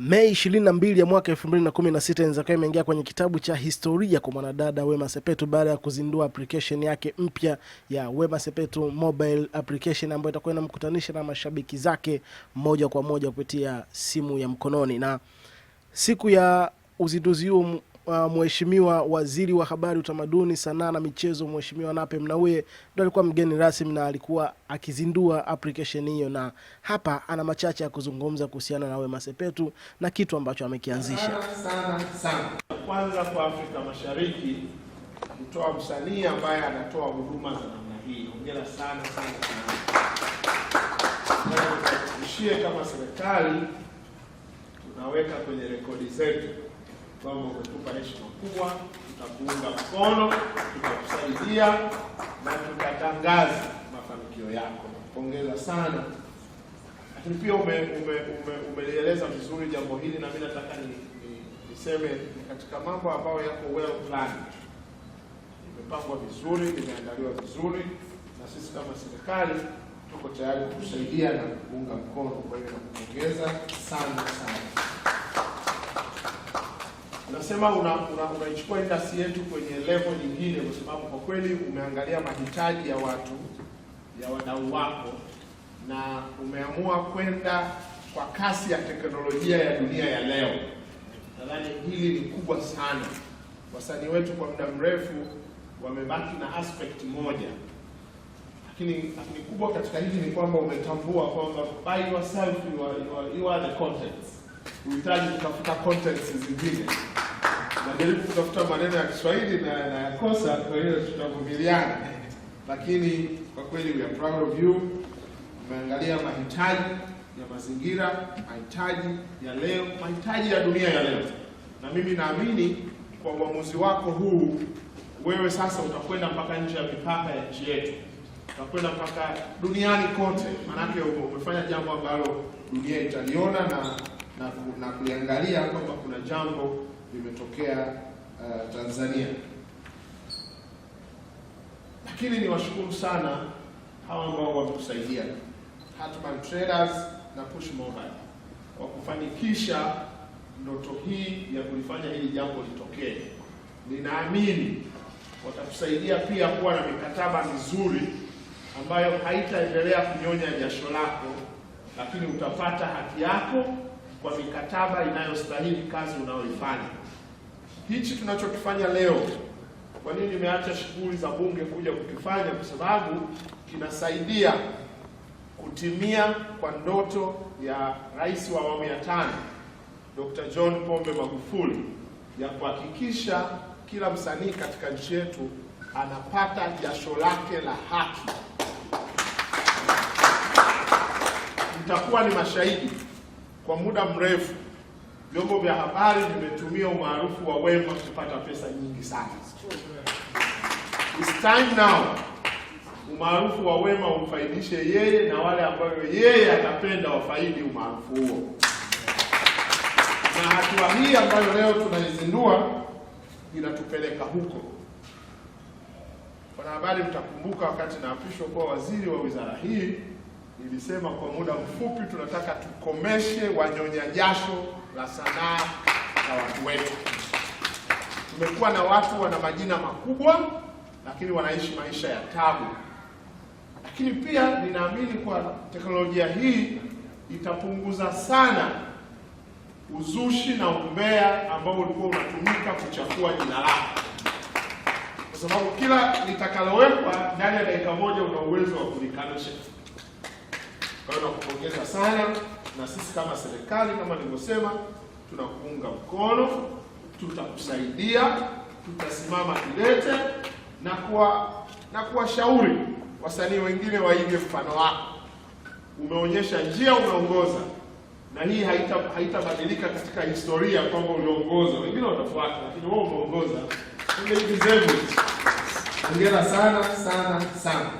Mei 22 ya mwaka 2016 inaweza kuwa imeingia kwenye kitabu cha historia kwa mwanadada Wema Sepetu baada ya kuzindua application yake mpya ya Wema Sepetu mobile application ambayo itakuwa inamkutanisha na mashabiki zake moja kwa moja kupitia simu ya mkononi. Na siku ya uzinduzi huo uh, mheshimiwa waziri wa habari, utamaduni, sanaa na michezo, mheshimiwa Nape Mnauye ndo alikuwa mgeni rasmi na alikuwa akizindua application hiyo, na hapa ana machache ya kuzungumza kuhusiana na Wema Sepetu na kitu ambacho amekianzisha. Sana sana kwanza kwa Afrika Mashariki kutoa msanii ambaye anatoa huduma za namna hii, hongera sana sana sana. kama serikali tunaweka kwenye rekodi zetu kwamba umetupa heshima kubwa, tutakuunga mkono, tutakusaidia na tutatangaza mafanikio yako. Pongeza sana. Lakini pia umeeleza ume, ume vizuri jambo hili, na mimi nataka ni, ni, niseme katika mambo ambayo yako well planned, imepangwa vizuri, imeandaliwa vizuri, na sisi kama serikali tuko tayari kusaidia na kuunga mkono. Kwa hiyo nakupongeza sana sana tunasema unaichukua una, una industry yetu kwenye level nyingine, kwa sababu kwa kweli umeangalia mahitaji ya watu ya wadau wako na umeamua kwenda kwa kasi ya teknolojia ya dunia ya leo. Nadhani hili ni kubwa sana. Wasanii wetu kwa muda mrefu wamebaki na aspect moja, lakini ni kubwa katika hili ni kwamba umetambua kwamba by yourself you are, you are, you are the contents. Uhitaji kutafuta contents zingine najaribu kutafuta maneno ya Kiswahili na nayakosa, kwa hiyo tutavumiliana, lakini kwa kweli we are proud of you. Umeangalia mahitaji ya mazingira, mahitaji ya leo, mahitaji ya dunia ya leo, na mimi naamini kwa uamuzi wako huu wewe sasa utakwenda mpaka nje ya mipaka ya nchi yetu, utakwenda mpaka duniani kote, maanake umefanya jambo ambalo dunia italiona na na, na kuliangalia kwamba kuna jambo vimetokea uh, Tanzania. Lakini niwashukuru sana hawa ambao wametusaidia Hatman Traders na Push Mobile kwa kufanikisha ndoto hii ya kulifanya hili jambo litokee. Ninaamini watatusaidia pia kuwa na mikataba mizuri ambayo haitaendelea kunyonya jasho lako, lakini utapata haki yako kwa mikataba inayostahili kazi unayoifanya. Hichi tunachokifanya leo, kwa nini nimeacha shughuli za bunge kuja kukifanya? Kwa sababu kinasaidia kutimia kwa ndoto ya rais wa awamu ya tano Dr. John Pombe Magufuli ya kuhakikisha kila msanii katika nchi yetu anapata jasho lake la haki. Mtakuwa ni mashahidi. Kwa muda mrefu vyombo vya habari vimetumia umaarufu wa Wema kupata pesa nyingi sana. It's time now umaarufu wa Wema umfaidishe yeye na wale ambao yeye atapenda wafaidi umaarufu huo, na hatua hii ambayo leo tunaizindua inatupeleka huko. Wanahabari, mtakumbuka wakati naapishwa kuwa waziri wa wizara hii nilisema kwa muda mfupi tunataka tukomeshe wanyonya jasho la sanaa na watu wetu. Tumekuwa na watu wana majina makubwa, lakini wanaishi maisha ya tabu. Lakini pia ninaamini kwa teknolojia hii itapunguza sana uzushi na umbea ambao ulikuwa unatumika kuchafua jina lako, kwa sababu kila litakalowekwa ndani ya dakika moja una uwezo wa kulikanusha. Kwa hiyo nakupongeza sana, na sisi kama serikali, kama nilivyosema, tunakuunga mkono, tutakusaidia, tutasimama kidete na kuwa na kuwashauri wasanii wengine waige mfano wako. Umeonyesha njia, umeongoza, na hii haitabadilika, katika historia kwamba uliongoza, wengine watafuata, lakini wewe umeongoza. Hongera sana sana sana.